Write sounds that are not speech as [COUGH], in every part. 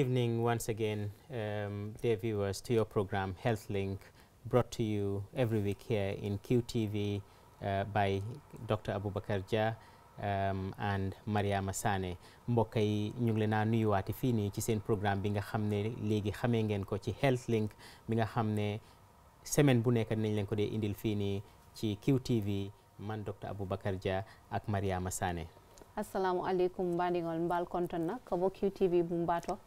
evening once again, um, dear viewers, to your program Health Link, brought to you every week here in QTV uh, by Dr. Abubakar Jah um, and Maria Masane. Mbokai yi ñu ngi leen a nuyuwaati fii nii ci seen programme bi nga xam ne léegi xamee ngeen ko ci Health Link bi nga xam ne semaine bu indilfini nañ ko dee indil fii nii ci QTV man Dr. Abubakar Jah ak Mariama Sane assalamu alaikum, mbaɗigol mbal konton na kobo qtv bumbato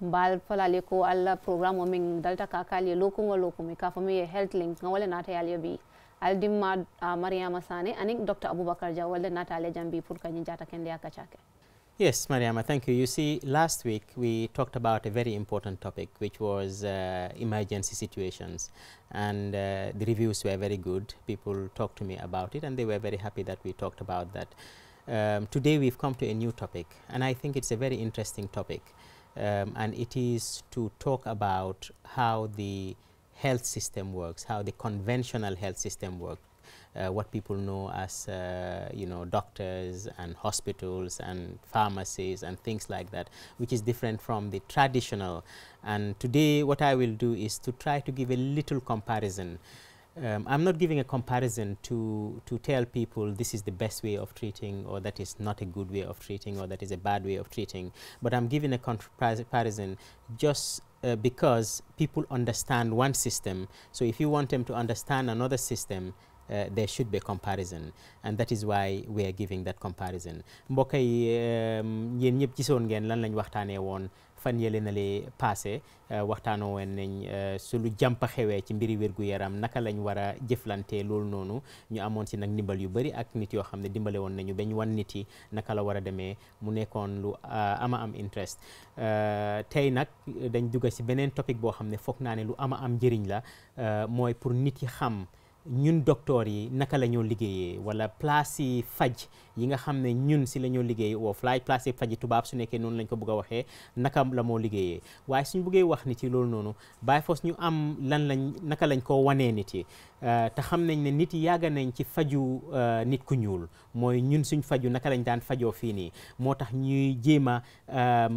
mbal falale alla programme o min dalta ka kaali e lokugo lokumi ka fomi health link ga walla naata yalyo bi aldimma uh, mariama sane anik docteur aboubacar dia walla naata ale jambi pour kañi jata kende akachake. yes mariama thank you you see last week we talked about a very important topic which was uh, emergency situations and uh, the reviews were very good people talked to me about it and they were very happy that we talked about that um, today we've come to a new topic and I think it's a very interesting topic um, and it is to talk about how the health system works, how the conventional health system works, uh, what people know as uh, you know doctors and hospitals and pharmacies and things like that, which is different from the traditional. And today what I will do is to try to give a little comparison um, I'm not giving a comparison to, to tell people this is the best way of treating or that is not a good way of treating or that is a bad way of treating, but I'm giving a comparison just uh, because people understand one system. So if you want them to understand another system, uh, there should be a comparison and that is why we are giving that comparison fan yële na li passé euh, waxtaanoo woon nañ euh, su lu jàmp xewee ci mbiri wér yaram naka lañ war a jëflante loolu noonu ñu amoon si nag ndimbal yu bëri ak nit yoo xam ne dimbale woon nañu bañ wan nit yi naka la war a demee mu nekkoon lu euh, ama am interest tey nag dañ dugg si beneen topic boo xam ne foog naa ne lu ama am njëriñ la mooy pour nit yi xam ñun docteur yi naka la ñoo liggéeyee wala place yi faj yi nga xam ne ñun si la ñoo liggéey woo fly place yi faj tubaab su nekkee noonu lañ ko bëgg waxee naka la moo liggéeyee waaye suñu bëggee wax nit yi loolu noonu bàyyi foos ñu am lan lañ naka lañ ko wanee nit yi euh, te xam nañ ne nit yi yàgg nañ ci faju euh, nit ku ñuul mooy ñun suñ faju naka lañ daan fajoo fii nii moo tax ñuy jéem a euh,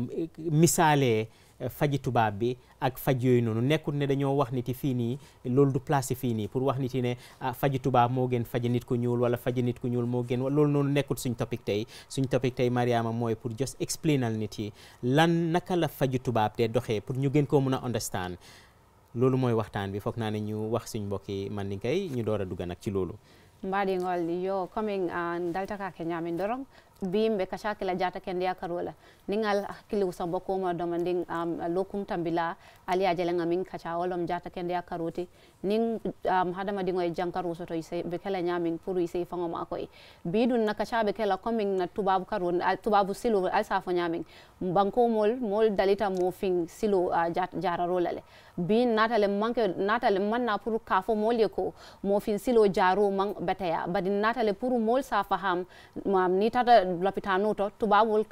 misaalee faji tubaab bi ak faj yooyu noonu nekkul ne dañoo wax nit loolu du place fii pour wax ne ah, faji tubaab moo gën faji nit ku ñuul wala faji nit ku ñuul moo gën loolu noonu nekkul suñ topic tey suñ topic tey Mariama mooy pour just explainal nit yi lan naka la faji tubaab te doxe pour ñu gën koo mun a understand loolu mooy waxtaan bi foog naa ne ñu wax suñ mbokki Mandinka yi ñu door a dugg nag ci loolu. mbaɗigol yo commin an ah, daltaka ke ñamin dorong bim be kashakila jata kende karola ningal hakili ah, usambo ko ma domanding um, lokum tambila ali ajelenga min kasha olom jata kende karoti nin um, hadamadiŋo ye jankaroo soto be kela ñaamin pour i se faŋo maa koyi bii duŋ na kaca be kela commin na tubaabu karo tubaabu silo ali se a fo ñaamin banko mool mool dalita moo fiŋ silo uh, jaararoo la le bii naata le manke naata le maŋ na pour kaa fo moolu ye ko moo fiŋ siloo jaaroo maŋ beteya bari naata le pour moolu se a faham um, ni tata lopitaanoo to tubaabuwolu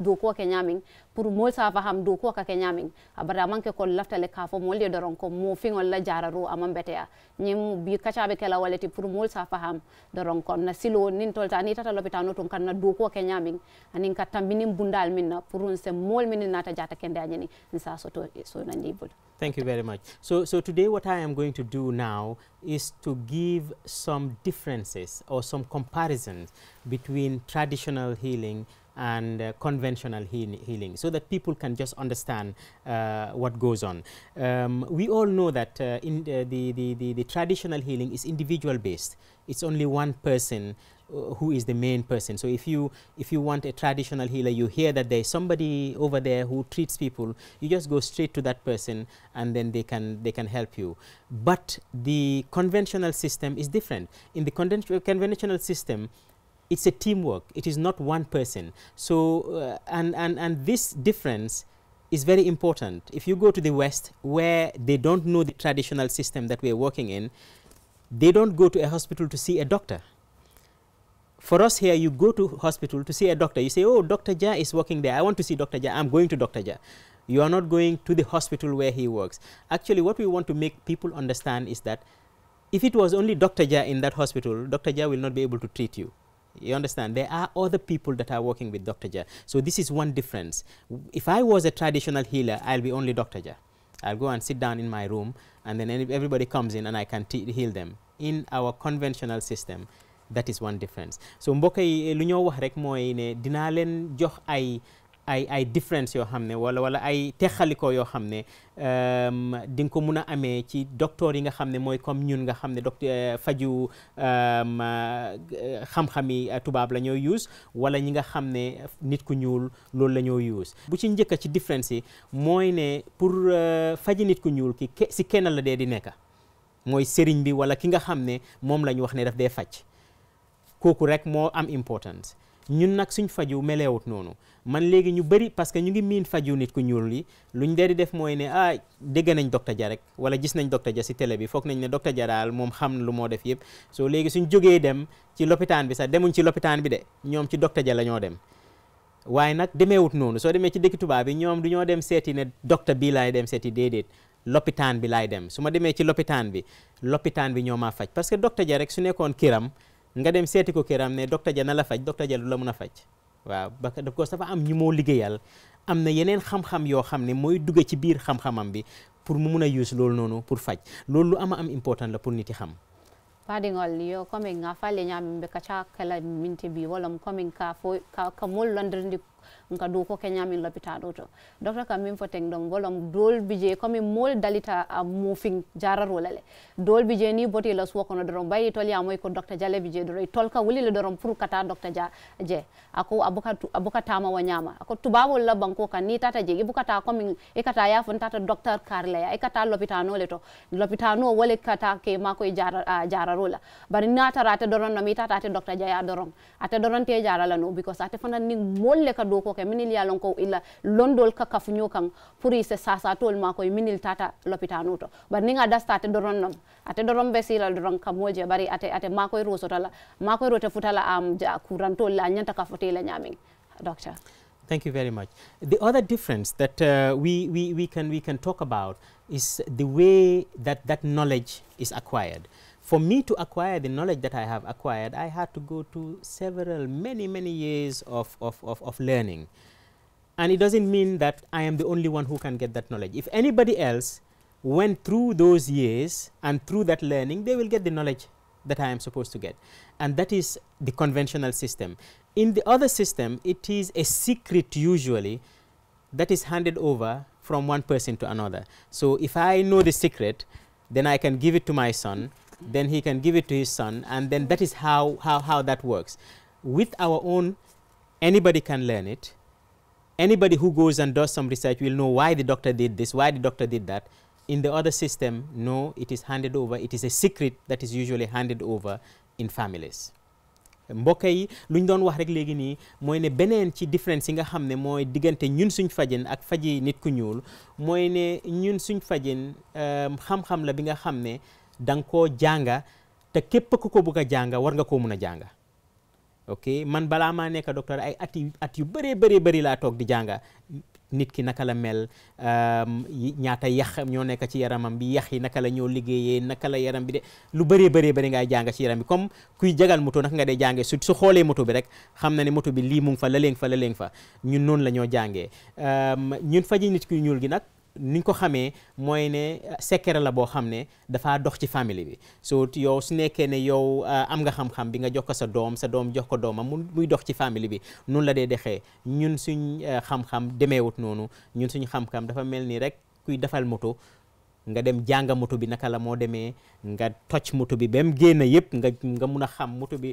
dookoo ke ñaamin pour mol sa fa ham do ko ka kenyaming abara kol ko laftale ka fo mol doron ko mo fingol la jararo amam betea nyim bi kacha be kala waleti pour mol sa fa ham doron ko na silo nin tolta ni tata lopitano ton kan na do ko kenyaming anin ka tambinin bundal minna pour un se mol min nata jata kende anyini nsa so to so na nibul Thank you very much. So, so today what I am going to do now is to give some differences or some comparisons between traditional healing and uh, conventional heal healing so that people can just understand uh, what goes on. Um, we all know that uh, in uh, the, the, the, the, traditional healing is individual based. It's only one person uh, who is the main person. So if you, if you want a traditional healer, you hear that there's somebody over there who treats people, you just go straight to that person and then they can, they can help you. But the conventional system is different. In the conventional system, it's a teamwork. It is not one person. So, uh, and, and, and this difference is very important. If you go to the West, where they don't know the traditional system that we are working in, they don't go to a hospital to see a doctor. For us here, you go to hospital to see a doctor. You say, oh, Dr. Ja is working there. I want to see Dr. Ja. I'm going to Dr. Ja. You are not going to the hospital where he works. Actually, what we want to make people understand is that if it was only Dr. Ja in that hospital, Dr. Ja will not be able to treat you. You understand? There are other people that are working with Dr. Ja. So this is one difference. If I was a traditional healer, I'll be only Dr. Ja. I'll go and sit down in my room and then everybody comes in and I can heal them. In our conventional system, that is one difference. So mbokk eh, lu ñoo wax rek mooy ne dinaa leen jox ay ay ay différence yoo xam ne wala wala ay texalikoo yoo xam ne euh, di nga ko mun a amee ci docteur yi nga xam ne mooy comme ñun nga xam ne docteur euh, faju euh, xam-xami tubaab la ñoo use wala ñi nga xam ne nit ku ñuul loolu lañoo ñoo use bu ci njëkk ci différence yi mooy ne pour faji nit ku ñuul ki si kenn la dee di nekk mooy sëriñ bi wala ki nga xam ne moom la ñu wax ne daf dee faj kooku rek moo am importance ñun nag suñ faju melewut noonu man léegi ñu bari parce que ñu ngi miin faju nit ku ñuul yi luñ dee di def mooy ne ah dégg nañ docteur ja rek wala gis nañ docteur ja si tele bi foog nañ ne docteur ja daal moom xam lu moo def yëpp soo léegi suñ jógee dem ci lopitaan bi sax demuñ ci lopitaan bi de ñoom ci docteur ja lañoo dem waaye nag demee wut noonu soo demee ci dëkki tubaab bi ñoom du ñoo dem seeti ne docteur bii laay dem seeti déedéet lopitaan bi laay dem su ma demee ci loppitaan bi loppitaan bi ñoo maa faj parce que docteur ja rek su nekkoon kiram nga dem seeti ko këram ne docteur ja na faj docteur ja du la mën a faj waaw ba daf ko dafa am ñu moo liggéeyal am na yeneen xam-xam yoo xam ne mooy dugg ci biir xam-xamam bi pour mu mun a use loolu noonu pour faj loolu lu ama am important la pour nit yi xam paɗigol yo komin ga falle ñamimɓe kaca kala minte mbi wolom komin ka fo ka mollondirdi nka do ko kenya min lopita do to docteur kam min foten don golom dol bije komi mol dalita a mofing jararo lale dol bije ni boti la suwa kono dorom bayi toli amoy ko docteur jale bije do ka wuli le dorom pour kata docteur ja je ako abuka abuka tama wanyama ako tubabo la banko ka ni tata je ibuka ta komi e kata ya fon tata docteur karle ya e kata lopita no le to lopita no wale kata ke mako ko jara uh, jararo la bari na tara ta doron no mi tata ta ja jaya doron ata doron te jara la no because ate fana ni le ka do ke minil ya londol ka kafunyo puri se sasa tol minil tata lopitano to ninga doron ate doron doron bari ate ate roso tala rote futala am ja la nyanta doctor Thank you very much. The other difference that uh, we, we, we, can, we can talk about is the way that that knowledge is acquired for me to acquire the knowledge that I have acquired, I had to go to several, many, many years of, of, of, of, learning. And it doesn't mean that I am the only one who can get that knowledge. If anybody else went through those years and through that learning, they will get the knowledge that I am supposed to get. And that is the conventional system. In the other system, it is a secret usually that is handed over from one person to another. So, if I know the secret, then I can give it to my son then he can give it to his son and then that is how, how, how that works with our own anybody can learn it anybody who goes and does some research will know why the doctor did this why the doctor did that in the other system no it is handed over it is a secret that is usually handed over in families mbokk yi lu ñu doon wax rek léegi nii mooy ne beneen ci différence nga xam ne mooy ñun suñ fajin ak faji nit ku ñuul mooy ne ñun suñ fajin euh, xam-xam la bi nga xam da ko koo jànga te képp ku ko bëgg a jànga war nga koo mun a jànga ok man balaa maa nekk docteur ay at yu at yu bëree bëri bëri laa toog di jànga nit ki naka la mel ñaata yax ñoo nekk ci yaramam bi yax yi naka la ñoo liggéeyee naka la yaram bi de lu bëree bëree bëri ngay jàng ci yaram bi comme kuy jagal moto naka nga dee jàngee su su xoolee moto bi rek xam na ne moto bi lii mu ngi fa la leen fa ñun noonu la ñoo jàngee ñun faji nit ki ñuul gi nag ni ko xamee mooy ne euh, secret la boo xam ne dafaa dox ci famille bi so yow su nekkee ne yow euh, am nga xam-xam bi nga jox ko sa doom sa doom jox ko doomam muy dox ci famille bi noonu la dee dexee ñun suñ euh, xam-xam demeewut noonu ñun suñ xam-xam dafa mel nii rek kuy defal moto nga dem jànga moto bi naka la moo demee nga toj moto bi ba mu génn yëpp nga nga mun a xam moto bi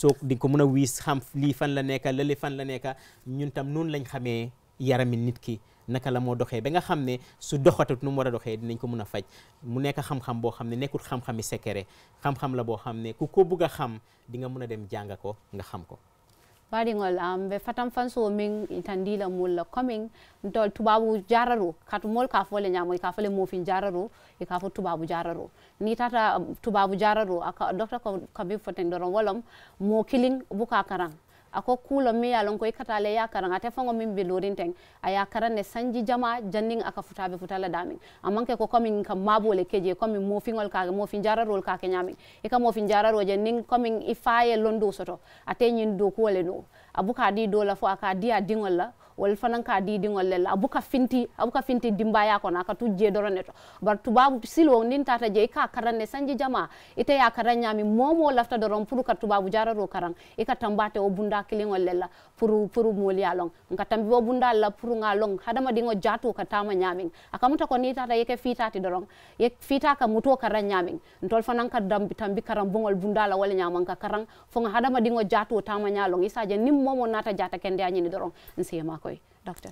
soo di ko mun a wiis xam lii fan la nekka lële fan la nekka ñun tam noonu lañ xamee yarami nit ki naka la moo doxee ba nga xam ne su doxatut nu mu war a doxee dinañ ko mun a faj mu nekk xam-xam boo xam ne nekkul xam-xami secret xam la boo xam ne ku ko bugg a xam di nga mun a dem jàng ko nga xam ko baɗigol am ɓe fatan fansuwo min tandila mulla commin tol tubabu jararo katumol ka fole ñamoy ka fole mofin jararo e ka fo tubabu jararo ni ta tubabu jararo aka docteur kabir foten doron wolom mo kilin buka karan ako kulo mi ya lon ko ikata le ya karanga te fango min bilorin teng aya ne sanji jama janning aka futabe futala damin amanke ko komin kam mabole keje komin mo fingol ka mo fin jararol ka ke nyami e kam mo fin jararo je ning komin ifaye londo soto ate nyin do ko le no abuka di do la fo aka di a dingol la wol fanan ka didiŋol le la abuka finti abuka finti dimbaya kono aka tu je dorone to bari tubabu silo nin tata je ka karanne sanji jama ite ya karan ñami momo lafta doron pour ka tubabu jararo karan i ka tambate wo bunda kiliŋol le la pour pour moolu ye loŋ nka tambi wo bunda la pour ŋa loŋ hadamadiŋo jato ka tama ñamiŋ akamuta ko ni tata yeke fitati doron ye fita ka muto karan ñamiŋ ntol fanan ka dambi tambi karan buŋol bunda la wala ñaman ka karan fo ŋa hadamadiŋo jato tama ñalong isaje nim momo nata jata kende añini doron nsema doctor?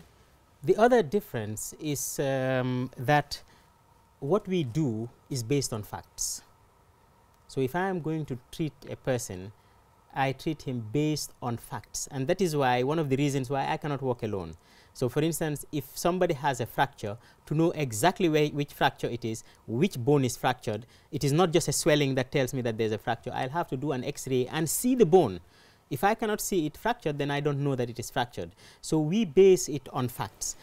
The other difference is um, that what we do is based on facts. So if I am going to treat a person, I treat him based on facts and that is why one of the reasons why I cannot walk alone. So for instance, if somebody has a fracture, to know exactly where, which fracture it is, which bone is fractured, it is not just a swelling that tells me that there's a fracture. I'll have to do an x-ray and see the bone if I cannot see it fractured, then I do not know that it is fractured. So, we base it on facts.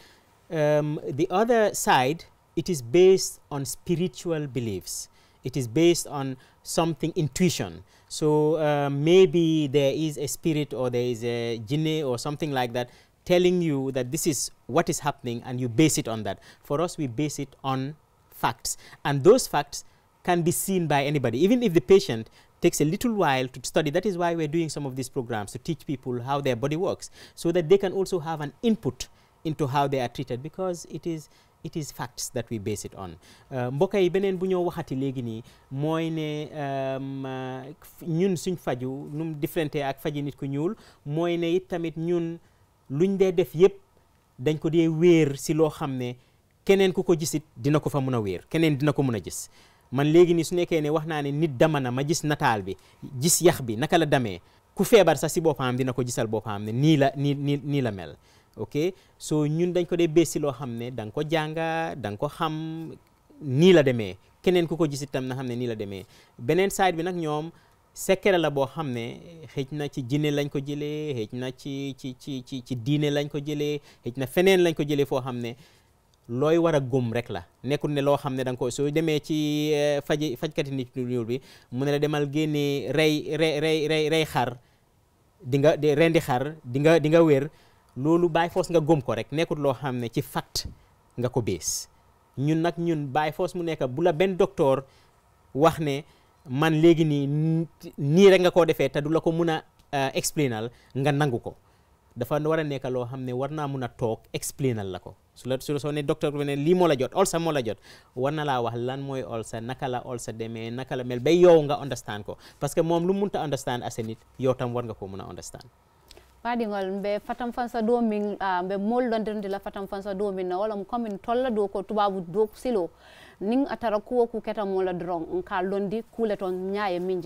Um, the other side, it is based on spiritual beliefs. It is based on something intuition. So, uh, maybe there is a spirit or there is a genie or something like that telling you that this is what is happening and you base it on that. For us, we base it on facts and those facts can be seen by anybody. Even if the patient takes a little while to study. That is why we're doing some of these programs to teach people how their body works so that they can also have an input into how they are treated because it is it is facts that we base it on uh, mbokk yi beneen bu ñoo waxati léegi nii mooy ne um, uh, ñun suñ faju nu mu ak faji nit ku ñuul mooy ne it tamit ñun luñ dee def yépp dañ ko dee weer si loo xam ne keneen ku ko gisit dina ko fa mun a weer keneen dina ko mun a gis man léegi nii su nekkee ne wax naa ne nit dama na ma gis nataal bi gis yax bi naka la damee ku feebar sa si boppam dina ko gisal boppam ne nii la nii nii nii la mel ok so ñun dañ ko dee bees si loo xam ne da ko jànga da ko xam nii la demee keneen ku ko gis itam na xam ne nii la demee beneen side bi nag ñoom secret la boo xam ne xëj na ci jinne lañ ko jëlee xëj na ci ci ci ci ci diine lañ ko jëlee xëj na feneen lañ ko jëlee foo xam ne looy war a gëm rek la nekkul ne loo xam ne danga ko soo demee ci eh, faji fajkati nit ñu bi mu ne la demal génnee rey rey rey rey xar di nga rendi xar di nga di nga wér loolu bàyyi foos nga góom ko rek nekkul loo xam ne ci fact nga ko bees ñun nag ñun bàyyi foos mu nekk bu la benn docteur wax ne man léegi nii nii rek nga koo defee te du la ko mun a eh, explainal nga nangu ko dafa war a nekk loo xam ne war naa mun a toog explainal la ko su la su ne docteur bi ne lii moo la jot olsa moo la jot war na laa wax lan mooy olsa naka la olsa demee naka la mel bay yow nga understand ko parce que moom lu munta understand ase nit yow tam war nga ko mun a understand ngol ɓe fatam fansa do min don di la fatam fansa do na wala comme une tolla do ko tubabu dow silo ning a tara kuwo ku drong doron ka londi kuule toon ñaaye min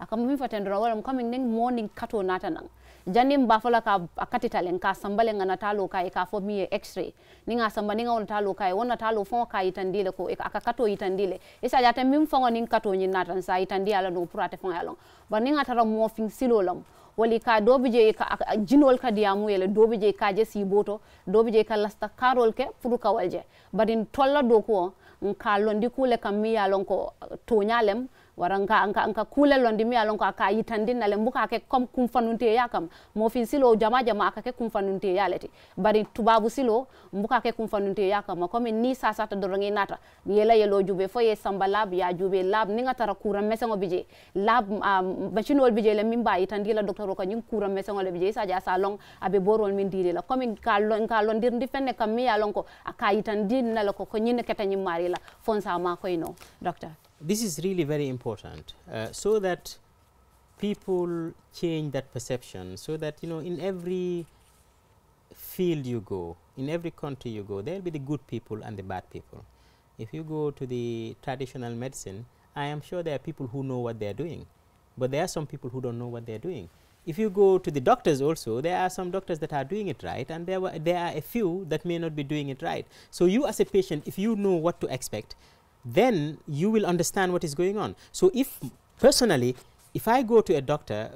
akam mi faten doron wala comme ning nin kato nata nang jani mba fola ka talen ka sambale ngana talo ka e ka fo mi x-ray ni nga samba ni nga on talo ka e wona talo fo ka itandile ko aka kato itandile isa jata mim fo ngani kato nyin natan sa itandi ala no purate fo yalon ba ni nga tara mo fin silo lam wali ka dobi je ka jinol ka diamu yele dobi je ka je si boto dobi je ka lasta karol ke furu ka walje badin tolla do ko nka londi kule kam mi yalon ko tonyalem waranka anka anka kule londi mi alon ko aka yitandin nale mbuka ke kom kumfanunte ya kam mo fi silo jama jama aka ke kumfanunte ya leti bari tubabu silo mbuka ke kumfanunte ya kam ko min ni sa sa do ngi nata yela yelo jube fo ye samba lab ya jube lab ninga tara kura mesengo bije lab chi um, bachinol bije le ba yitandi la docteur ko ngi kura mesengo le bije sa ja sa long abe borol min dire la komin ka lo ka lo dir ndi fenne kam mi alon ko aka yitandin nale ko ko ne ketani mari la fon sa ma no docteur this is really very important uh, so that people change that perception so that you know in every field you go in every country you go there will be the good people and the bad people if you go to the traditional medicine i am sure there are people who know what they are doing but there are some people who don't know what they are doing if you go to the doctors also there are some doctors that are doing it right and there were there are a few that may not be doing it right so you as a patient if you know what to expect then you will understand what is going on. So, if personally, if I go to a doctor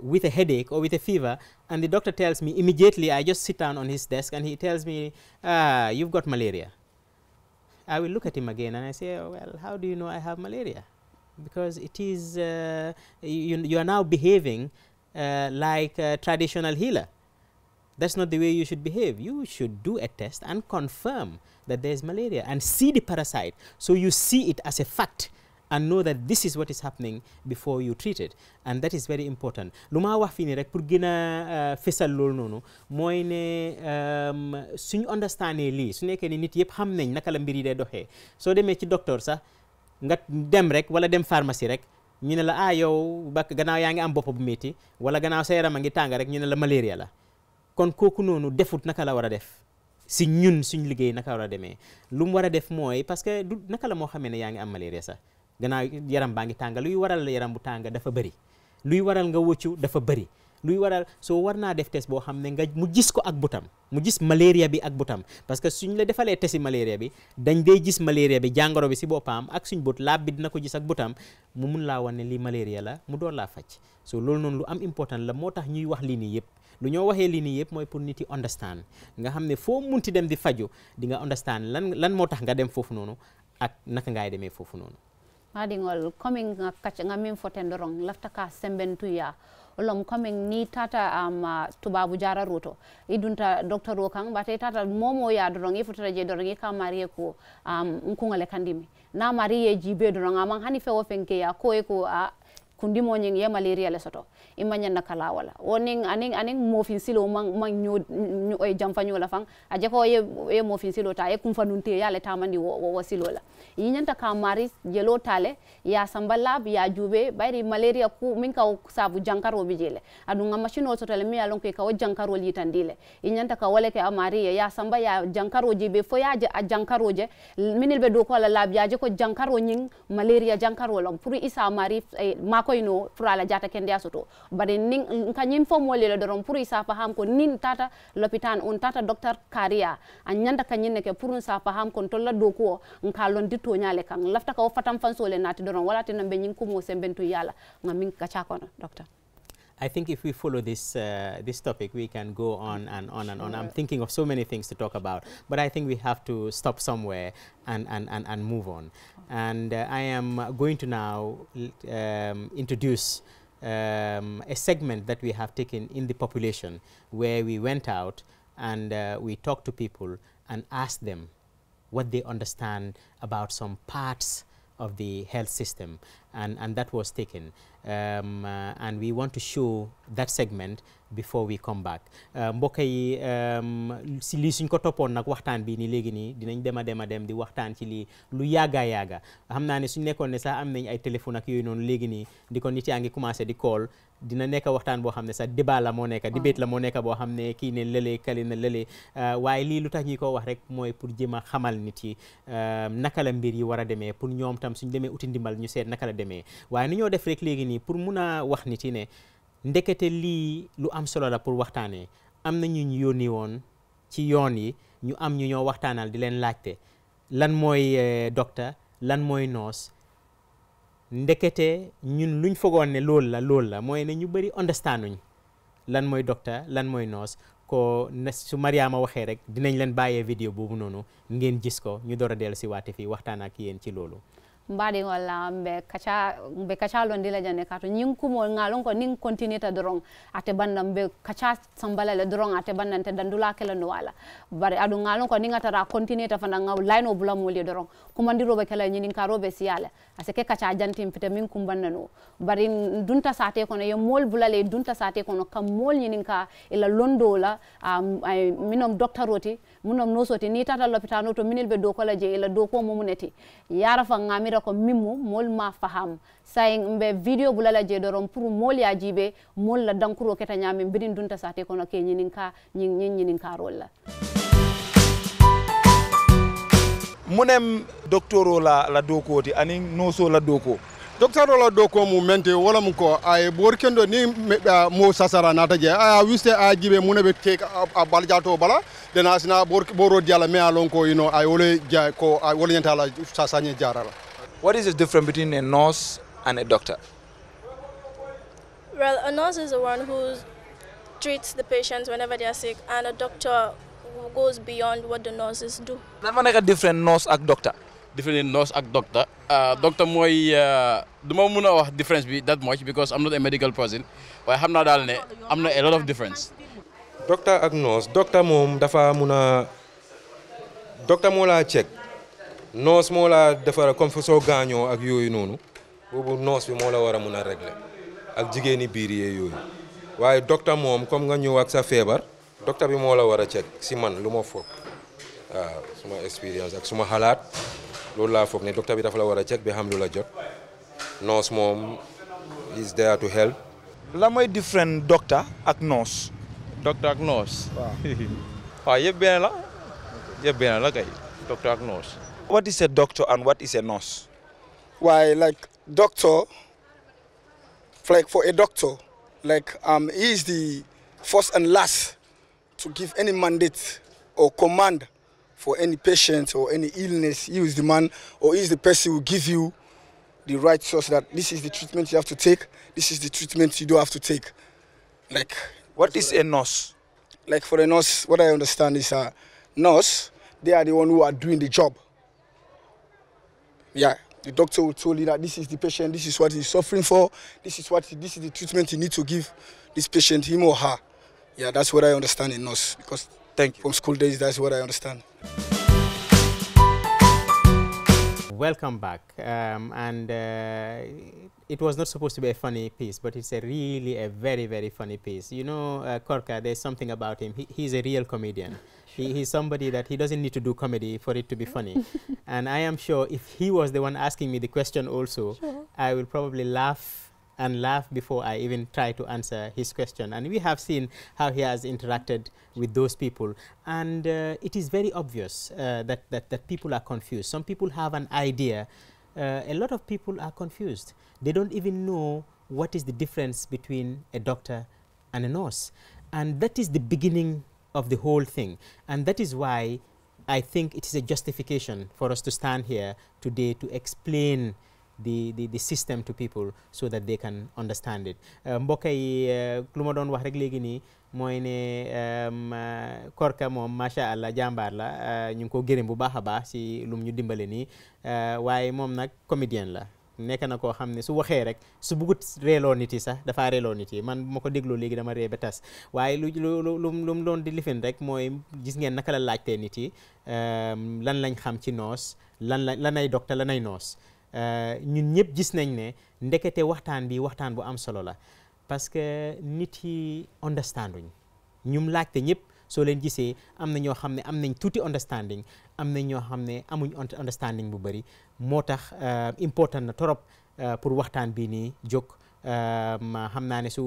with a headache or with a fever, and the doctor tells me immediately, I just sit down on his desk and he tells me, Ah, you've got malaria. I will look at him again and I say, oh, Well, how do you know I have malaria? Because it is, uh, you, you, are now behaving uh, like a traditional healer. That's not the way you should behave. You should do a test and confirm that there's malaria and see the parasite. So you see it as a fact and know that this is what is happening before you treat it and that is very important lu maa wax fii nii rek pour gën a euh, fésal loolu noonu mooy ne euh, suñu understandee lii su nekkee nii nit yëpp xam nañ naka la mbir yi dee doxee soo demee ci docteur sax nga dem rek wala dem pharmacie rek ñu ne la ah yow ba gannaaw yaa ngi am bopp bu métti wala gannaaw sa yaram a ngi tàng rek ñu ne la malaria la kon kooku noonu defut naka la war a def si ñun suñ liggéey naka war a demee lu mu war a def mooy parce que du naka la moo xamee ne yaa ngi am malaria sax gannaaw yaram baa ngi tàng luy waral yaram bu tàng dafa bëri luy waral nga wëccu dafa bëri luy waral soo war naa def tes boo xam ne nga mu jis ko ak butam mu gis malaria bi ak butam parce que suñ la defalee testi malaria bi dañ dee gis malaria bi jàngoro bi si boppam ak suñ but laab bi dina ko gis ak butam mu mun laa wan ne lii malaria la mu door laa faj so loolu noonu lu am important la moo tax ñuy wax lii nii yëpp lu ñoo waxee li nii yëpp mooy pour nit yi understand nga xam ne foo munti dem di faju di nga understand lan lan moo tax nga dem foofu noonu ak naka ngaay demee foofu noonu maɗigol coming nga kac nga mim fo foten dorong lafta ka ya olom coming ni tata am um, uh, tubabu jara ruto idunta docteur o kang bata tata momo ya dorong yi futata je dorong ka marie ko um, nkungale kandimi na marie jibe dorong aman hani fewo fenke ya ko e ko uh, kundimo nyin ye malaria le soto imanya na kala wala woning aning aning mo fin silo mang mang nyu e jam nyo la fang aje ko ye mo fin silo ta e kumfa nun te le tamandi wo, wo, wo silo la yinyanta ka mari jelo tale ya sambala ya jube bayri malaria ku min ka sabu jankaro bi jele adu nga machine to tale mi lon ke ka wo jankaro li tandile ta ka wale ke amari ya samba ya jankaro be fo ya a jankaro je minil be do ko la lab ya je ko jankaro nyin malaria jankaro lon pour isa mari eh, makoyno pour ala jata kende asoto bari nin ka fo mo lelo doron pour isa ham ko nin tata l'hôpital on tata docteur karia a ñanda ka ñin ke pour sa faham kon tolla on nka lon di toñale kan lafta ka wo fatam fansole nati doron wala be nambe ko mo sembentu yala nga min cha kono docteur I think if we follow this, uh, this topic, we can go on and on and on. I'm thinking of so many things to talk about, but I think we have to stop somewhere and, and, and, and move on. And uh, I am going to now um, introduce um, a segment that we have taken in the population where we went out and uh, we talked to people and asked them what they understand about some parts of the health system and, and that was taken. Um, uh, and we want to show that segment before we come back uh, mbokk yi um, si lii suñ ko toppoon nag waxtaan bi ni léegi nii dinañ dem a dem a dem di waxtaan ci lii lu yàgga yàgga xam naa ni suñ nekon ne sa am nañ ay téléphone ak yooyu noonu léegi nii di kon nit yaa ngi commencé di call dina nekk waxtaan boo xam ne sax débat la moo nekk debate la moo nekk boo xam ne kii ne lële kali na lële uh, waaye lii lu tax ñi ko wax rek mooy pour jéem a xamal nit yi um, naka la mbir yi war a demee pour ñoom tam suñ demee uti ñu seet naka la demee waaye ni ñoo def rek léegi nii pour mun a wax nit yi ne ndekete lii lu am solo la pour waxtaanee am na ñu ñu yónni woon ci yoon yi ñu am ñu ñoo waxtaanal di leen laajte lan mooy eh, docteur lan mooy noos ndekete ñun luñ fogoon ne loolu la loolu la mooy ne ñu bëri understanduñ lan mooy docteur lan mooy nurse ko su Mariama waxee rek dinañ leen bàyyee vidéo boobu noonu ngeen jis ko ñu door a dellu si waate fii waxtaan ak yéen ci loolu mbaɗi walla mbe kaca mbe kacalon dila jande kato ñing kumol ngalon ko nin continuita dorong ate bandam mbe kaca sambalale dorong ate bandan te dandula kelando wala bare aɗu ngalon ko ningatara continuita fana ngaw layno bulamoli dorong kumandiroɓe kela ñinin karoɓe siyale aseke kaca jantin pite min kumbannano bari dunta sate kono ye mol bula bulale dunta sate kono kam mol ñinin ka ila londola um, minom docteur oti munam no soti ni tata no to minil be do kola je ila do ko mo muneti yara fa ngamira ko mimmu mol ma faham say vidéo video bulala je dorom pour mol ya jibe mol la dankuro keta nyami bidin dunta sate kono ke nyinin ka nyin nyinin ka rolla munem doktoro la la dokoti anin noso la doko docteur ola do ko mu mente wala mu ko ay borkendo ni mo sasara nata je aya wiste a jibe munabe take a baljato bala dena sina boro diala me alon ko ino ay wole ja ko ay wole nyanta la sasanye jarala what is the difference between a nurse and a doctor well a nurse is the one who treats the patients whenever they are sick and a doctor goes beyond what the nurses do. Nafa naka different nurse ak doctor defe ne nurse ak doctor ah, doctor mooy ah, du ma mun a wax difference bi that much because am not a medical person waaye xam naa daal ne am na a lot of difference. docteur ak nurse docteur moom dafa mun a docteur moo laa check nurse moo laa defar comme fa soo gaañoo ak yooyu noonu boobu nurse bi moo la war a mun a regle ak jigéeni biir yee yooyu waaye docteur moom comme nga ñëw ak sa feebar docteur bi moo la war a check si man lu ma foog su ma expérience ak suma xalaat. loolu laa foog ne docteur bi dafa la war a check bi xam lu jot nurse mom is there to help. la different doctor, ak nurse. docteur ak nurse. waaw [LAUGHS] waaw yëpp benn la yëpp benn la kay docteur ak nurse. what is a doctor and what is a nurse. Why, like doctor like for a doctor like um he is the first and last to give any mandate or command for any patient or any illness, he is the man or he is the person who give you the right source that this is the treatment you have to take, this is the treatment you don't have to take. Like what is a nurse? Like for a nurse, what I understand is a uh, nurse, they are the one who are doing the job. Yeah. The doctor will tell you that this is the patient, this is what he's suffering for, this is what this is the treatment you need to give this patient, him or her. Yeah, that's what I understand in nurse because Thank you. From school days, that's what I understand. Welcome back. Um, and uh, it was not supposed to be a funny piece, but it's a really a very, very funny piece. You know, uh, Korka, there's something about him. He, he's a real comedian. Sure. He, he's somebody that he doesn't need to do comedy for it to be funny. [LAUGHS] and I am sure if he was the one asking me the question also, sure. I will probably laugh and laugh before I even try to answer his question. And we have seen how he has interacted with those people. And uh, it is very obvious uh, that, that, that people are confused. Some people have an idea. Uh, a lot of people are confused. They don't even know what is the difference between a doctor and a nurse. And that is the beginning of the whole thing. And that is why I think it is a justification for us to stand here today to explain the the the system to people so that they can understand it eh, mbokk yi eh, lu ma doon wax rek léegi nii mooy ne eh, Korka moom macha allah jàmbaar la ñu ngi ko gërëm bu baax a baax si lum ñu dimbale nii waaye moom nag comédien la nekk na koo xam ne su waxee rek su bugut reeloo nit yi sax dafa reeloo nit yi man bu ma ko dégloo léegi dama ree ba tas waaye lu lu lu lu doon di lifin rek mooy gis ngeen naka la laajtee nit yi lan lañ xam ci noos lan la lanay docteur lanay noos. Euh, ñun ñëpp gis nañ ne ndekete waxtaan bi waxtaan bu am solo la parce que nit yi understanduñ ñum laajte ñëpp soo leen gisee am na ñoo xam ne am nañ tuuti understanding am nañ ñoo xam ne amuñ understanding bu bëri moo tax euh, important na torop euh, pour waxtaan bii nii jóg xam naa ne su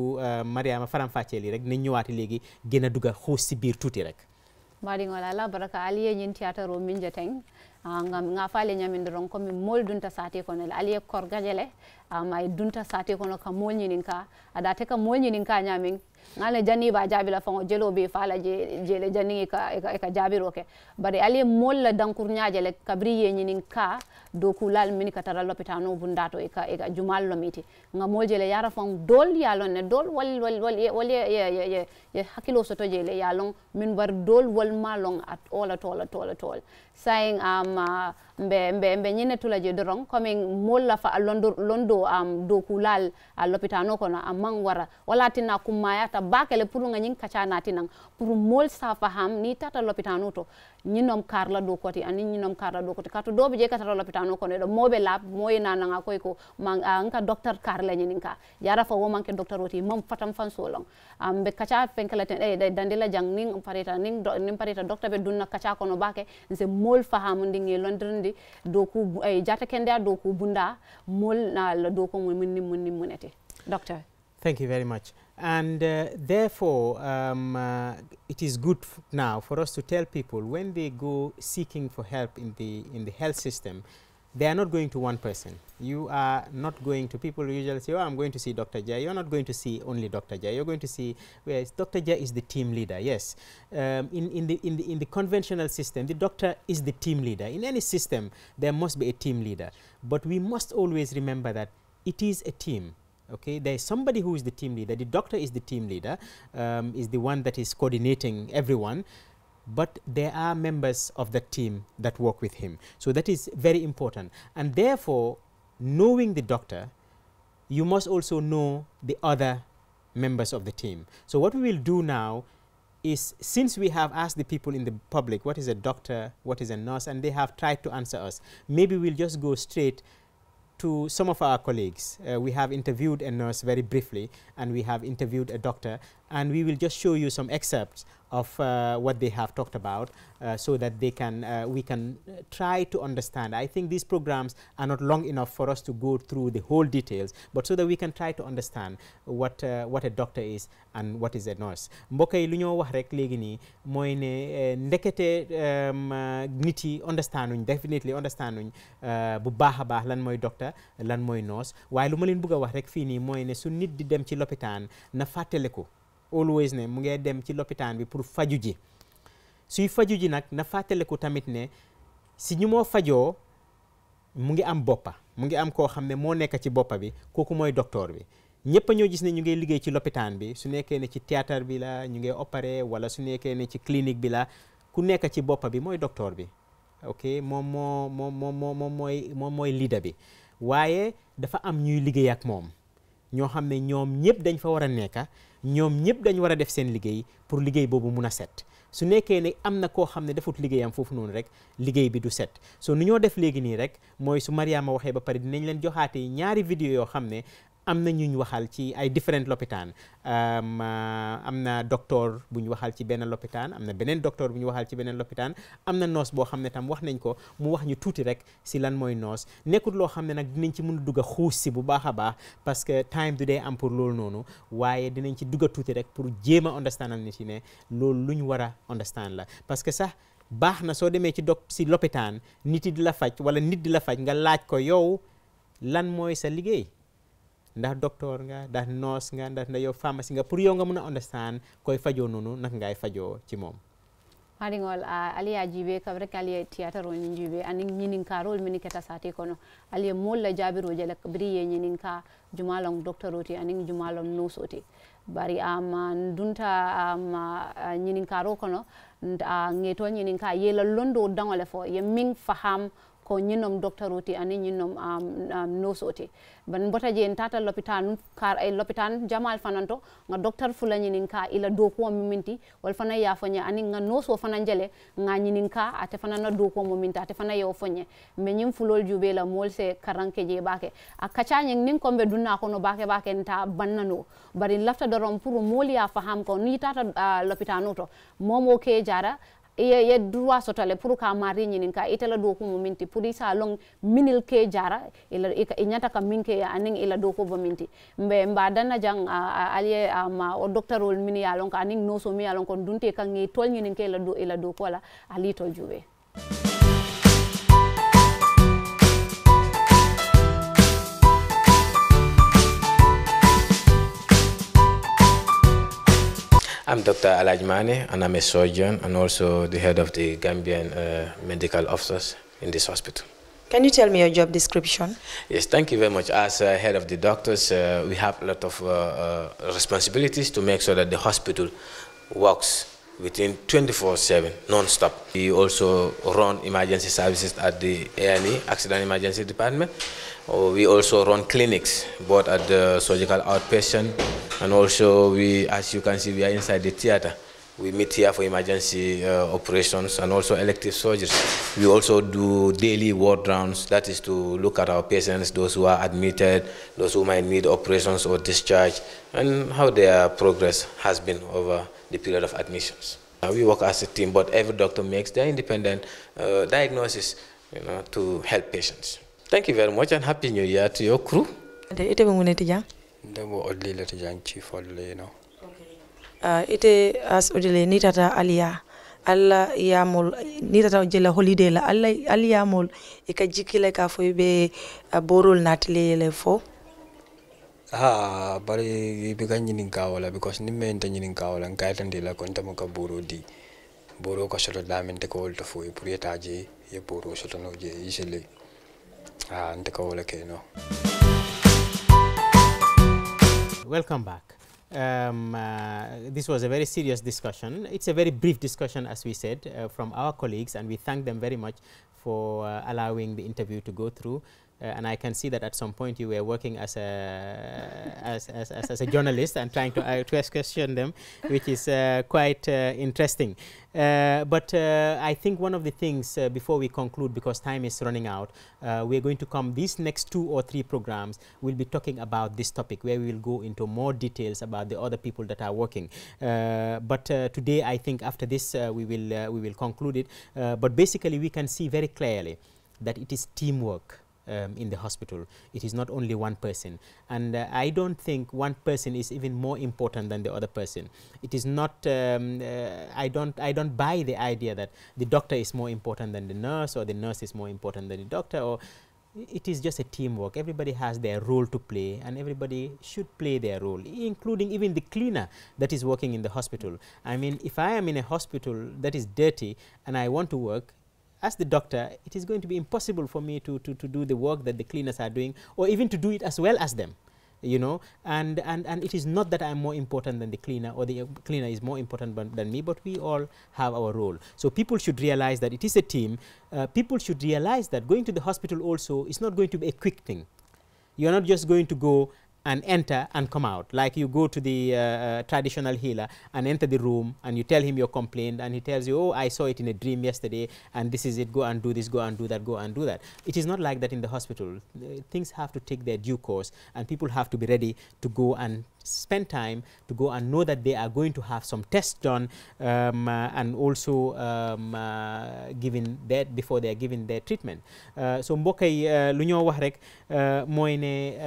Mariama faram-fàccee lii rek nañ ñëwaati léegi gën a dugg a xuus si biir tuuti rek. ngam nga faale ñamindorong komin mool dunta saati kono le aliye korgajele um, ay dunta saati kono ka mool ñinin ada adate ka mool ñinin ka ñamin ngale janni ba jaabi la fango jelo be faala je jele jani e ka e ka, e ka jaabiro bari aliye mool la dankur ñaaje le kabri ye ñinin ka dow kuulal min ka tara l'hôpital no bundato eka eka jumal lomiti ngamol jele yara fon dol ya lon ne dol wal wal wal wal ye ye hakilo soto jele ya lon min bar dol wal malon at ola tola tola tol saying am um, uh, mbe mbe mbe nyine tula je dorong comme molla fa londo londo am um, do kulal a l'hôpital no kono am mangwara wala tinna tina kumaya ta bakele pour nga nyin kacha natinang pour mol sa fa ham ni tata l'hôpital no to nyinom karla do koti ani nyinom karla do koti kato do je kata no kono do mobe lab moy nga koy ko man anka docteur karla nyin nyininka yara fa wo manke docteur oti mom fatam fan solong am um, be kacha fenkalaten e eh, dandila jang ning parita ning, do, ning parita docteur be dunna kacha kono bake nse mol fa ham ndingi londrindi doku ay eh, jata doku bunda mol na munete doctor thank you very much and uh, therefore um, uh, it is good now for us to tell people when they go seeking for help in the in the health system they are not going to one person. You are not going to people usually say, oh, I'm going to see Dr. Jay. You're not going to see only Dr. Jay. You're going to see, well, Dr. Jay is the team leader, yes. Um, in, in, the, in, the, in the conventional system, the doctor is the team leader. In any system, there must be a team leader. But we must always remember that it is a team okay there is somebody who is the team leader the doctor is the team leader um, is the one that is coordinating everyone but there are members of the team that work with him. So that is very important. And therefore, knowing the doctor, you must also know the other members of the team. So what we will do now is since we have asked the people in the public what is a doctor, what is a nurse, and they have tried to answer us, maybe we'll just go straight to some of our colleagues. Uh, we have interviewed a nurse very briefly, and we have interviewed a doctor, and we will just show you some excerpts of uh, what they have talked about uh, so that they can uh, we can try to understand i think these programs are not long enough for us to go through the whole details but so that we can try to understand what uh, what a doctor is and what is a nurse mbokk yi lu ñoo wax rek léegi nii mooy ne uh, ndekete um, uh, niti yi understanduñ definitely understanduñ bu baax baax lan moy doctor lan moy nurse waaye lu ma leen bëgg a wax rek fii nii mooy ne su nit di dem ci lopitaan na fàttaliku always ne mu ngee dem ci loppitaan bi pour faju ji suy faju ji nag na ku tamit ne si ñu moo fajoo mu ngi am boppa mu ngi am koo xam ne moo nekk ci boppa bi kooku mooy docteur bi ñëpp ñoo gis ne ñu ngi liggéey ci loppitaan bi su nekkee ne ci théâtre bi la ñu ngi opéré wala su nekkee ne ci clinique bi la ku nekk ci boppa bi mooy docteur bi ok moom moo moom moom mooy moom bi waaye dafa am ñuy liggéey ak moom ñoo xam ne ñoom ñëpp dañ fa war a nekka ñoom ñëpp dañ war a def seen liggéey pour liggéey boobu mun a set su nekkee ne am na koo xam ne defut liggéeyam foofu noonu rek liggéey bi du set so nu ñoo def léegi nii rek mooy su Mariama waxee ba pare dinañ leen joxaatee ñaari vidéo yoo xam ne am na ñu ñu waxal ci ay different lopitaan um, uh, am na docteur bu ñu waxal ci benn lopitaan am na beneen docteur bu ñu waxal ci beneen lopitaan am na noos boo xam ne tam wax nañ ko mu wax ñu tuuti rek si lan mooy noos nekkul loo xam ne nag dinañ ci mun a dugg xuus si bu baax baax parce que time du dee am pour loolu noonu waaye dinañ ci dugg tuuti rek pour jéem a understand al nit yi ne loolu lu ñu war a understand la parce que sax baax na soo demee ci doc si loppitaan nit yi di la faj wala nit di la faj nga laaj ko yow lan mooy sa liggéey. ndax docteur nga ndax nurse nga ndax nda yow pharmacie nga pour yow nga mën a understand koy fajoo noonu naka ngay fajoo ci moom haɗigol ali ah, ya jiibe kam rek aliye théâtre o ñin jiibe ani ñininkarol mini keta sati kono aliye molla jaabiroje le biri ye ñininka jumalon docteur oti ani jumalon nurse oti bari ama ah, um, dunta ama ah, um, uh, ñininkaro kono uh, ŋeto ñininka yela londo daŋole fo ye miŋ faham ko ñinom docteur oti ani ñinom um, um, nurse oti ban bota je en tata l'hôpital car ay eh, l'hôpital jamal fananto nga docteur fula ñinin ka ila do ko minti wal fana ya fanya ani nga nurse o fana jale nga ñinin ka ate fana na do ko minti ate fana yo fanya me ñim fulol jubé la mol se karanke je bake a kacha ñing ko kombe dunna ko no bake bake nta bannano bari lafta dorom pour mol ya faham ko ni tata uh, l'hôpital noto momo ke jara ye ye droit sotale pour ka mari ñinin ka itela do ko minti pour isa long minil ke jara ila e nyata ka minke ya aning ila do ko minti mbe mba dana jang aliye ma o docteur ol min ya long aning no so mi ya long kon dunte kan ngi tol ñinin ke ila do ila do ko la ali tol juwe I'm Dr. Alajmani, and I'm a surgeon and also the head of the Gambian uh, medical officers in this hospital. Can you tell me your job description? Yes, thank you very much. As uh, head of the doctors, uh, we have a lot of uh, uh, responsibilities to make sure that the hospital works within 24-7, non-stop. We also run emergency services at the ALE, Accident Emergency Department. Uh, we also run clinics, both at the surgical outpatient, and also we, as you can see, we are inside the theater. We meet here for emergency uh, operations and also elective surgeries. We also do daily ward rounds, that is to look at our patients, those who are admitted, those who might need operations or discharge, and how their progress has been over the period of admissions. Uh, we work as a team, but every doctor makes their independent uh, diagnosis you know, to help patients. Thank you very much and Happy New Year to your crew. ite be ngune tijang? Nde bo odile tijang chief odile no. Okay. Uh, ite as odile ni tata aliya. alla yamol ni tata jela holiday la alla al yamol e ka jikile ka fo e be uh, natile le fo. ah bari because ni di ka ye n'o je isele ah ka welcome back. Um, uh, this was a very serious discussion. It's a very brief discussion, as we said, uh, from our colleagues, and we thank them very much for uh, allowing the interview to go through. Uh, and I can see that at some point you were working as a as, as, as, as, a journalist and trying to uh, to ask question them, which is uh, quite uh, interesting. but I think one of the things before we conclude, because time is running out, we're going to come these next two or three programs. We'll be talking about this topic where we will go into more details about the other people that are working. but today, I think after this, we will we will conclude it. but basically, we can see very clearly that it is teamwork um, in the hospital. It is not only one person. And uh, I don't think one person is even more important than the other person. It is not, um, uh, I, don't, I don't buy the idea that the doctor is more important than the nurse or the nurse is more important than the doctor or it is just a teamwork. Everybody has their role to play and everybody should play their role, including even the cleaner that is working in the hospital. I mean, if I am in a hospital that is dirty and I want to work, as the doctor, it is going to be impossible for me to, to, to do the work that the cleaners are doing or even to do it as well as them you know and, and and it is not that i'm more important than the cleaner or the uh, cleaner is more important than me but we all have our role so people should realize that it is a team uh, people should realize that going to the hospital also is not going to be a quick thing you're not just going to go and enter and come out. Like you go to the uh, uh, traditional healer and enter the room and you tell him your complaint and he tells you, oh, I saw it in a dream yesterday and this is it, go and do this, go and do that, go and do that. It is not like that in the hospital. Uh, things have to take their due course and people have to be ready to go and spend time to go and know that they are going to have some tests done um, uh, and also um, uh, given that before they are given their treatment uh, so mbokk yi uh, lu ñoo wax rek uh, mooy ne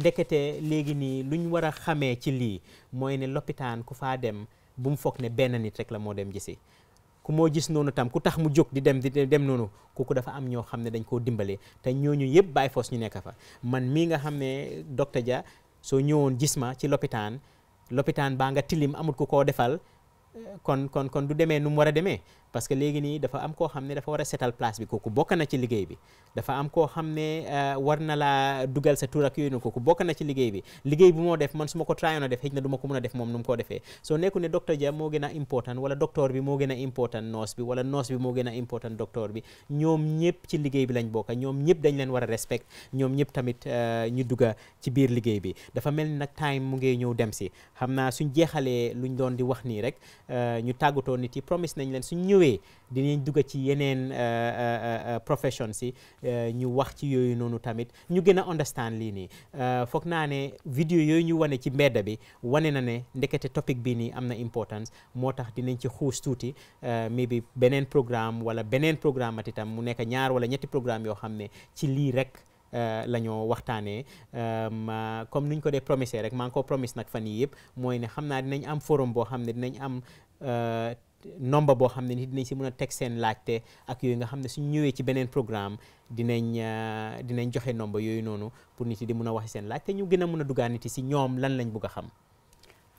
ndekete léegi nii luñ war a xamee ci lii mooy ne lopitaan ku faa dem bu mu foog ne benn nit rek la moo dem gisi ku moo gis noonu tam ku tax mu jóg di dem di dem noonu kooku dafa am ñoo xam ne dañ koo dimbale te ñooñu yëpp bàyyi foos ñu nekk fa man mii nga xam ne docteur Dia soo ñëwoon gis ma ci lopitaan lopitaan baa nga tilim amul ku koo defal kon kon kon du demee nu mu war a demee parce que léegi nii dafa am koo xam ne dafa war a setal place bi kooku bokk na ci liggéey bi dafa am koo xam ne euh, war na laa dugal sa tur ak noonu kooku bokk na ci liggéey bi liggéey bi moo def man su ma ko trayoon a def xëy na du ma ko mën a def moom nu mu ko defee moo gën a important wala docteur bi moo gën a important nurse wala nurse bi moo gën a important docteur bi ñoom ñëpp ci liggéey bi lañ bokk ñoom ñëpp dañ leen war a respect ñoom ñëpp tamit euh, ñu dugga ci biir liggéey bi dafa mel ni nag time mu ngi ñëw dem si xam naa su jeexalee luñ doon di wax nii rek euh, ñu tàggatoo nit yi ñëwee dinañ dugg ci yeneen euh, euh, euh, profession si ñu wax ci yooyu noonu tamit ñu gën a understand lii nii foog naa ne vidéo yooyu ñu wane ci mbedda bi wane na ne ndekete topic bii nii am na importance moo tax dinañ ci xuus tuuti maybe beneen programme wala beneen programme at itam mu nekk ñaar wala ñetti programme yoo xam ne ci lii rek la ñoo waxtaanee comme nuñ ko dee promise rek maa ngi ko promise nag fan yii yëpp mooy ne xam naa dinañ am forum boo xam ne dinañ am nombre boo xam ne ni dinañ si mën a teg seen laajte ak yooyu nga xam ne su ñëwee ci beneen programme dinañ euh, dinañ joxe nombre yooyu noonu pour nit yi di mën a wax seen laajte ñu gën a mën a dugaa nit yi si ñoom lan lañ bugg a xam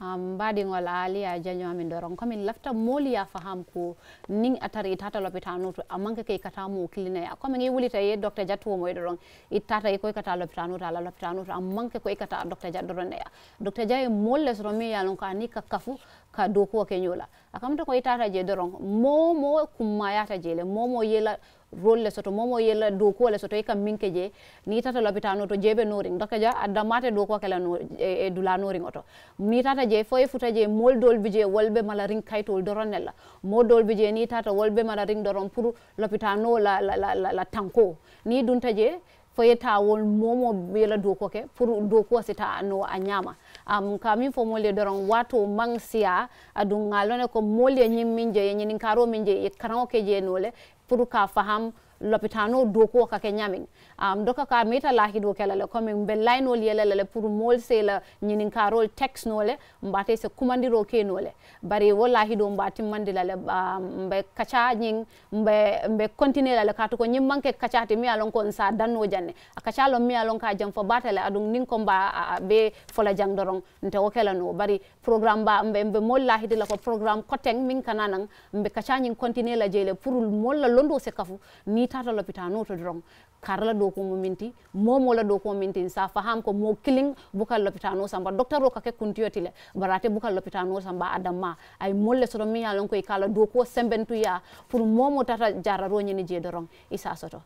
ngol aali a jaño amin doron komin lafta mooli ya faham ko ning atari itata lopitano kay kata ke katamo kilinaya komin ngi wulita ye docteur jat moy e doron itata e koy kata lopitano to ala lopitano to amanke koy kata docteur jat doron ɗaya docteur ja e molle soro mi yalon ko ka kafu ka dokuwo ke la a kamata ko itata je doron mo mo kummayata je le mo mo yela role soto momo yela dokuwo le soto i kam minke je ni tata lopitano to jebe noring doka ja adda mate dokuwo kala no e, e dula noring oto ni tata je fo e futa je mol dol bije wolbe mala ring doron nella mo dol bije ni tata wolbe mala ring doron pour lopitano la la, la, la, la tanko ni dunta je fo ye tawol momo yela dokuwo ke pour dokuwo sita no anyama um, ka min fo mole doron wato mang siya adun lone ko mole nyin min je nyin karo min je e karango ke je nole pour ka faham lopitano doko ka ke nyamin um, euh, doka ka meta la hido kala le comme be line ol yele le pour mol se la nyinin rol text no le mbate se ro ke no le bari wallahi hido mbati mandila le um, oh, be kacha nyin be be continue la le katu ko nyim manke kacha te mi alon kon sa danno janne akacha lo mi alon ka jam fo batale adung nin ko mba be fola jang dorong nte o kala no bari programme ba mbe mbe mol la hido la ko programme koteng min kananang mbe kacha nyin continue la jele pour mol la londo se kafu ni tata lopita noto dorong karla do ko mo minti momo la do ko minti sa faham ko mo killing buka lopita no samba docteur o kake kuntiyoti le barate buka lopita no samba adama ay molle soto mi yalon ko e kala do ko sembentu ya pour momo tata jararo nyini je dorong isa soto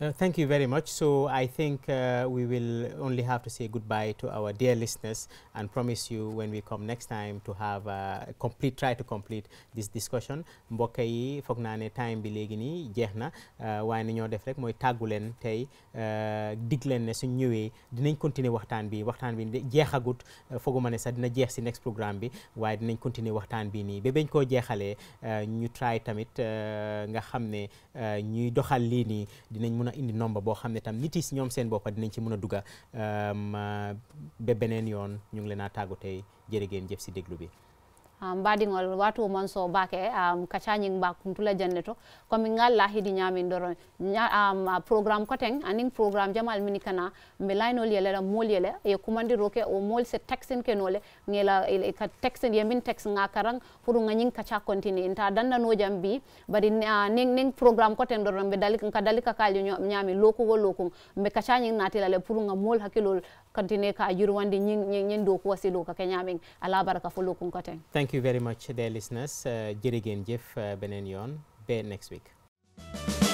Uh, thank you very much. So I think uh, we will only have to say goodbye to our dear listeners and promise you when we come next time to have a complete, try to complete this discussion. mbokk yi foog naa time bi léegi nii ninyo na uh, waaye ni ñoo def rek mooy tàggu leen tey uh, dig leen ne suñ ñëwee dinañ continuer waxtaan bi waxtaan bi jeexagut uh, fooguma ne sax dina jeex si next programme bi waaye dinañ continuer waxtaan bi nii ba bañ koo jeexalee ñu try tamit nga xam ne ñuy doxal lii nii dinañ a indi nombre boo xam ne tam nit yi si ñoom seen bopp dinañ ci mën a duga euh, ba beneen yoon ñu ngi leen a tàggu tey jërë ngeen jëf si déglu bi um, badiŋol watu mon so bake um, kacañing ba kuntula janle to komi ngalla hidi ñamin doron Nya, um, uh, programme koten anin programme jamal mini kana mbe laynol yele la mool yele e kumandiro ke o mool se texin ke nole ngela ka texin ye min tex nga karang pour nga kaca continue inta danna no jam bi bari uh, ning ning programme koten doron mbe dalik ka dalika kalyo ñami loku wo loku mbe kacañing la le pour nga mool hakilol continue ka yurwandi ñing ñing do ko wasilo ka kenyaming ala baraka fo loku koten thank you very much dear listeners uh, jërë ngeen jeff uh, beneen Benenyon, ba next week.